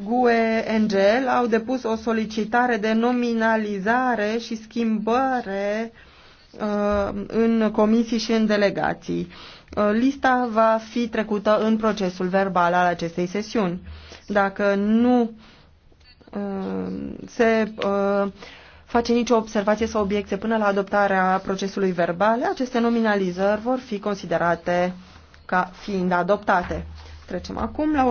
GUE NGL au depus o solicitare de nominalizare și schimbare uh, în comisii și în delegații. Uh, lista va fi trecută în procesul verbal al acestei sesiuni. Dacă nu uh, se face nicio observație sau obiecție până la adoptarea procesului verbal, aceste nominalizări vor fi considerate ca fiind adoptate. Trecem acum la